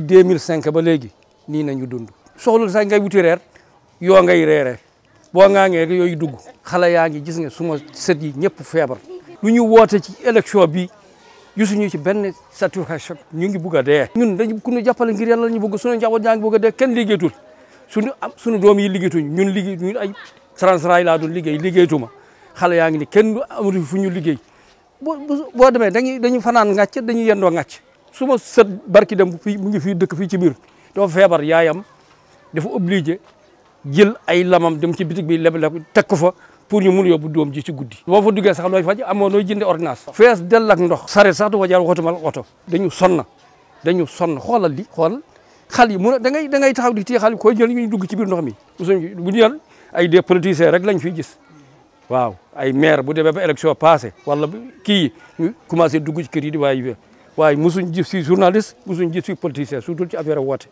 2005 ba léegi nii nañu dund soxlul sax ngay wuti reer yoo ngay reeree boo ngaa ngee yooyu dugg xale yaa ngi gis nga suma sët yi ñëpp feebar lu ñu woote ci élection bi gisuñu ci benn satisfaction ñu ngi bugg dee ñun dañu ku ñu jàppale ngir yàlla ñu bëgg suñu njaboot yaa ngi bugg dee kenn liggéeytul suñu am suñu doom yi liggéeytuñ ñun liggéey ñun ay transrail laa doon liggéey liggéeytuma xale yaa ngi ni kenn amatu fu ñu liggéey boo boo demee dañuy dañu fanaan ngàcc dañu yendoo ngàcc su ma sët barki dem fii mu ngi fii dëkk fii ci biir dafa feebar yaayam dafa obligé jël ay lamam dem ci bitig bi leble ko teg ko fa pour ñu mun bu doom ji ci guddi boo fa duggee sax looy faj amoo nooy jënde ordonnance fees dell ak ndox saret sax du fa jaar waxatumal oto dañu sonn dañu sonn xoolal li xoolal xal yi mun da ngay da ngay taxaw di téye xal yi koy jël ñu dugg ci biir mi mosuñ bu ñu yàl ay des rek lañ fiy gis waaw ay maire bu demee ba élection passé wala kii ñu dugg ci kër yi di waaye waaye mosuñ gis fii journaliste mosuñ gis fii politicien surtout ci affaire woote